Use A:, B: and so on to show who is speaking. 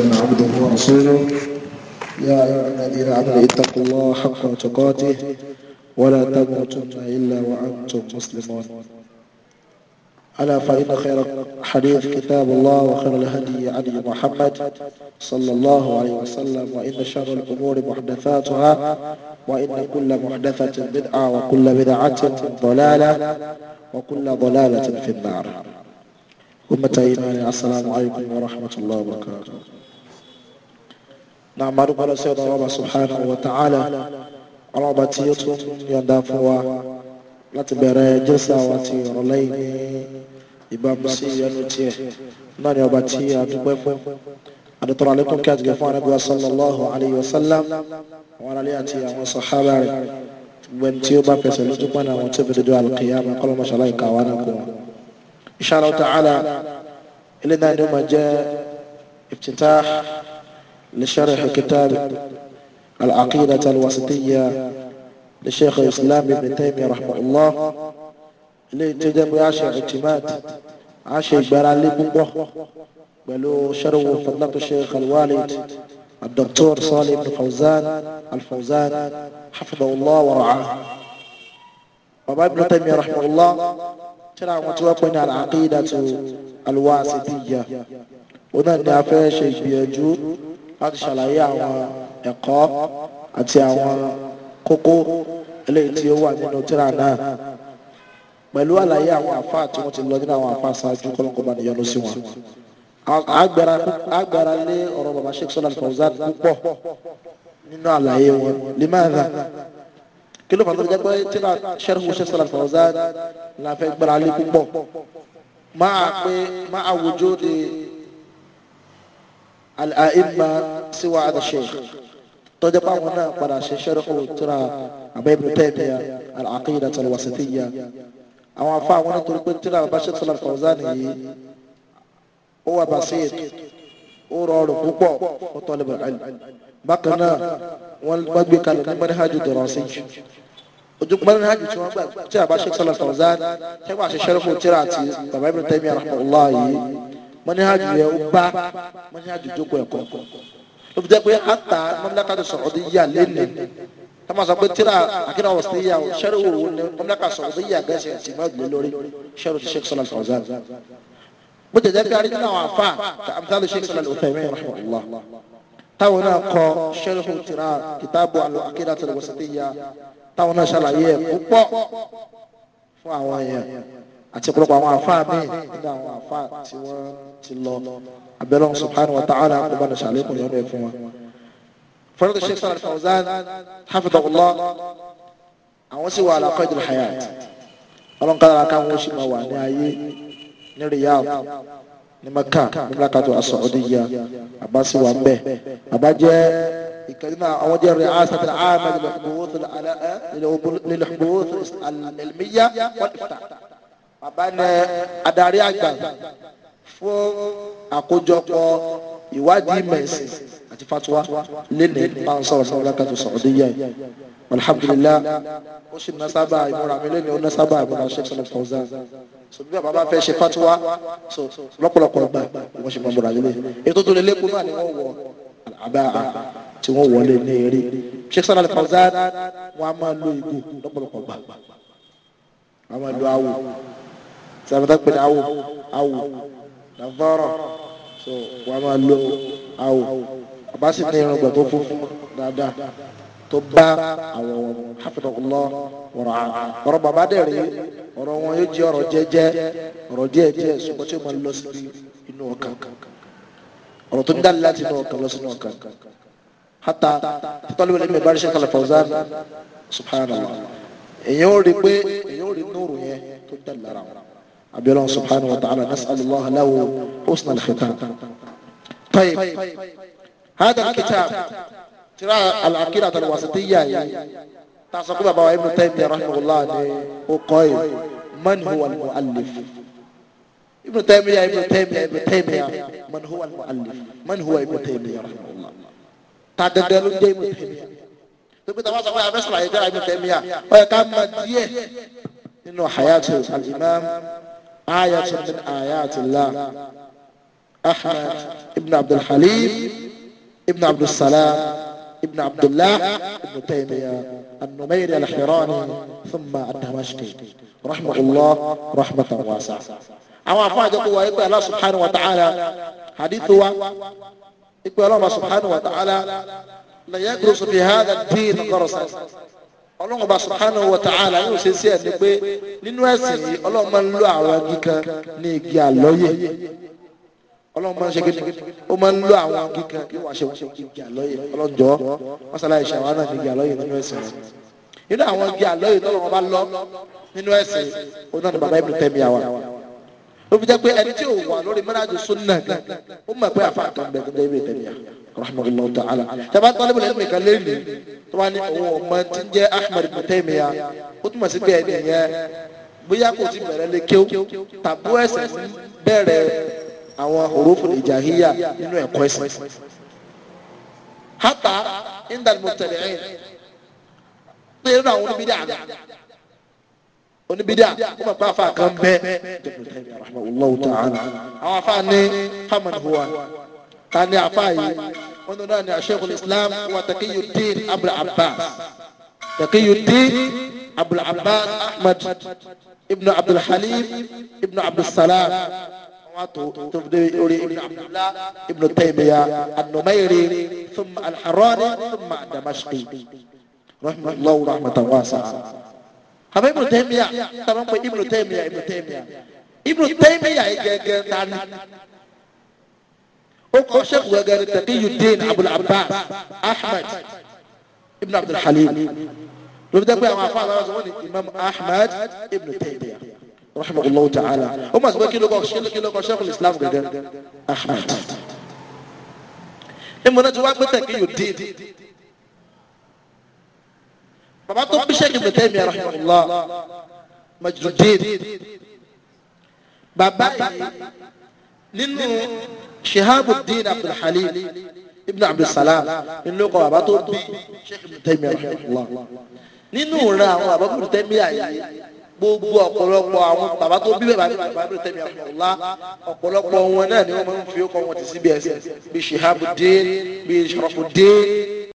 A: محمدا عبده ورسوله يا أيها الذين آمنوا اتقوا الله حق تقاته ولا تموتن إلا وأنتم مسلمون ألا فإن خير حديث كتاب الله وخير الهدي علي محمد صلى الله عليه وسلم وإن شر الأمور محدثاتها وإن كل محدثة بدعة وكل بدعة ضلالة وكل ضلالة في النار أمة إيمان السلام عليكم ورحمة الله وبركاته na amadu kọlọ sí ọ̀dọ̀ ọba subhanahu wa ta'ala àwọn ọba tí ó tún yọ̀ǹda fún wa láti bẹ̀rẹ̀ jẹ́sà wa ti ìrọ̀lẹ́ yìí ní ìbámu sí ìyẹnu tiẹ̀
B: náà ni ọba tí a dúpẹ́ fún
A: àdètòrò àlékún kí a ti gẹ̀ fún anábíwá sallallahu alayhi wa sallam àwọn aráàlú àti àwọn sàhábà rẹ̀ gbẹ̀m tí ó bá pẹ̀sẹ̀ lójú pọ̀n àwọn tí ó fi dojú alqiyama kọ́lọ́ mọ́ṣálá ìka wa náà kó wọn. insha Allah ta'ala ilé náà ni ó máa jẹ́ iftitah لشرح كتاب العقيدة الوسطية لشيخ الإسلام ابن تيمية رحمه الله لتجمع عشر اعتماد عشر برالي بوبو بلو شرو فضلة الشيخ الوالد الدكتور صالح بن فوزان الفوزان حفظه الله ورعاه بابا ابن تيمية رحمه الله ترى متوقعين العقيدة الواسطية ونحن نعفى شيء بيجو láti ṣàlàyé àwọn ẹ̀kọ́ àti àwọn kókó eléyìí tí ó wà nínú tírà náà pẹ̀lú àlàyé àwọn àfáà tí wọ́n ti lọ nínú àwọn àfáà ṣáájú kọ́lọ́kọ́ bá níyọnu sí wọn. agbára lé ọ̀rọ̀ bàbá sheikh sọ́lá Fawzan púpọ̀ nínú àlàyé wọn limaza kí ló fà tó fi jẹ́ pé tírà sharhu sheikh sọ́lá Fawzan la fẹ́ gbára lé púpọ̀ máa pé máa wùjúdi àìmà síwá àdàṣe tọ́jú báwọn náà padà ṣe ṣẹ́rẹ́kù tíra àbẹ́ ibn Taymiyyah al-Aqeedah al-Wasitiyyah àwọn afá àwọn nítorí pé tíra Bashir Salah Fawzani yìí ó wà basit ó rọrùn púpọ̀ ó tọ́lẹ̀ bẹ̀rẹ̀ àìlú bákan náà wọ́n gbàgbé kalẹ̀ ní manhaj dirasi ojú manhaj tí wọ́n gbà tí a Bashir Salah Fawzani ṣẹ́gbà ṣe ṣẹ́rẹ́kù tíra àti tàbí ibn Taymiyyah rahmatullahi yìí mọ́níhàjù yẹn ó bá mọ́níhàjù jókòó ẹ̀kọ́ ló fi jẹ́ pé àtà mọ́mílákàtà Saudiya lẹ́nu tọ́mọ̀ sọ pé tíra àkírà wọ̀síyà sẹ́rù wò wò ní mọ́mílákàtà Saudiya gẹ̀ẹ́sì ti máa gbé lórí sẹ́rù ti Sheikh Salah Al-Fawzan bó ti jẹ́ pé arí nínú àwọn àfa amthalu Sheikh Salah Al-Uthaymin rahimahullah táwọn náà kọ sẹ́rù tíra kìtàbù al-Aqida al-Wasatiyya táwọn náà ṣàlàyé ẹ̀ púpọ̀ fún àwọn yẹn àti ọ̀pọ̀lọpọ̀ àwọn àfáà míì nínú àwọn àfáà tí wọ́n ti lọ abẹ́lẹ́ subhanahu wa ta'ala kò bá nàṣà lẹ́kùn yọ̀nà ẹ̀ fún wa. fọ́nrán tó ṣe sọ́ra Fawzan hafidhahullah àwọn sì wà àlàkọ́ ìdílé hayat ọlọ́n kára káwọn oṣù máa wà ní ayé ní Riyadh ní Mecca ní Mẹ́kàtò asọ̀ọ́díyà àbá sì wà mbẹ́ àbá jẹ́ ìkàdínà àwọn jẹ́ rìásà tí a máa lè lè lè lè lè lè lè lè lè lè lè lè lè bàbá ní adarí àgbà fún àkójọpọ̀ ìwádìí mẹ̀sìn àti fatuwa lẹ́nìí bá ń sọ̀rọ̀ sọ̀rọ̀ lákàtún sọ̀rọ̀ níyà yìí alhamdulillah ó sì ná sábà ìmúra mi lẹ́nìí ó ná sábà ìmúra ṣe sọ̀rọ̀ fọ̀ọ́sà so bí bàbá bá fẹ́ ṣe fatuwa so lọ́pọ̀lọpọ̀ gbà wọ́n ṣe máa múra lélẹ̀ ètò tó lé lẹ́kùn náà ni wọ́n wọ àbá tí wọ́n wọlé ní eré sheikh salal fawzan wọn a máa lo ìgò lọ́pọ̀lọpọ̀ gbà wọn a máa lo awo sàmìtà pẹ̀lú awo awo nàfọrọ so wàá máa lo awo bàbá sì ní irun gbà tó funfun dáadáa tó bá àwọn hafidọkulọ ọ̀rọ̀ ọ̀rọ̀ bàbá dẹ rí ọ̀rọ̀ wọn yóò jẹ ọ̀rọ̀ jẹ́jẹ́ ọ̀rọ̀ díẹ̀ díẹ̀ ṣùgbọ́n tí ó máa lọ sí inú ọkàn ọ̀rọ̀ tó ń dáni láti inú ọkàn lọ sínú ọkàn hata títọ́lú ilé mi bá rí ṣe kọlẹ̀ fọ̀zán subhanallah èyàn ò rí pé èyàn ò rí nóòrù yẹn tó dáni lára wọn. الله سبحانه وتعالى نسأل الله له حسن الختام طيب هذا الكتاب ترى العقيدة الوسطية يعني تعصب بابا ابن تيمية رحمه الله هو من هو المؤلف ابن تيمية ابن تيمية ابن تيمية من هو المؤلف من هو ابن تيمية رحمه الله تعددلون جاي ابن تيمية تبقى تواصل ويا بس ابن تيمية ويقام كم إنه حياته الإمام آية من آيات الله أحمد ابن عبد الحليم ابن عبد السلام ابن عبد الله ابن تيمية النميري الحراني ثم الدمشقي رحمة الله رحمة واسعة أما فاجأ قوة الله سبحانه وتعالى حديث هو يقول الله سبحانه وتعالى لا يجلس في هذا الدين قرصا ọlọ́run ọba subhanahu wa ta'ala yóò ṣe sí ẹ̀ ní pé nínú ẹ̀sìn yìí ọlọ́run máa ń lo àwọn igi kan ní igi àlọ́yè ọlọ́run máa ń ṣe kéde ó máa ń lo àwọn igi kan yóò wá ṣe igi àlọ́yè ọlọ́jọ́ masala ìṣàwá náà ṣe igi àlọ́yè nínú ẹ̀sìn rẹ̀ nínú àwọn igi àlọ́yè tọ́lọ́run ọba lọ nínú ẹ̀sìn ó náà ní baba Ibn Taymiyyah wa ó fi jẹ́ pé ẹni tí ò rahmatulah ta'ala taba talibu la ilmi kan leni taba ni òun ọmọ tí ń jẹ́ ahmed mutemiya ó túmọ̀ sí pé ẹni yẹn bóyá kò ti bẹ̀rẹ̀ lé kéw tàbú ẹsẹ̀ bẹ̀rẹ̀ àwọn òrófò ìjàhíyà nínú ẹ̀kọ́ ẹ̀sìn hata indal mutẹ̀lẹ́yìn pé kan bẹ́ rahmatulah ta'ala àwọn afa ni hamad huwa ta ni afa yìí. ونراني نانع شيخ الإسلام وتقي الدين أبو العباس تقي الدين أبو العباس أحمد ابن عبد الحليم ابن عبد السلام تبدي ابن عبد الله ابن تيمية النميري ثم الحراري ثم الدمشقي رحمة الله رحمة واسعة هذا ابن تيمية ترى ابن تيمية ابن تيمية ابن تيمية ó kọ́ sheikh wẹ̀gẹ̀ ní Taqiyuddin Abul Abbas Ahmad ibn Abdul Halim ló fi dẹ́gbẹ́ àwọn afáàlà wọn sọ wọ́n ní Imam Ahmad ibn Taymiyyah rahmatulahu ta'ala ó mà sọ pé kí ló kọ́ sheikh islam gẹ́gẹ́ Ahmad ìmọ̀nà tí wọ́n á gbé Taqiyuddin bàbá tó bí sheikh ibn Taymiyyah rahmatulah Majduddin bàbá nínú shihabuddin abdulhalim ibn abdulsalam nínú kọ bàbá tó bí sheikh ibn taymiyyah rahimahullah nínú ìran àwọn bàbá ibn taymiyyah yìí gbogbo ọ̀pọ̀lọpọ̀ àwọn bàbá tó bí bàbá bàbá ibn taymiyyah rahimahullah ọ̀pọ̀lọpọ̀ wọn náà ni wọ́n fi ọkọ̀ wọn ti síbi ẹsẹ̀ bíi shihabuddin bíi sharafuddin.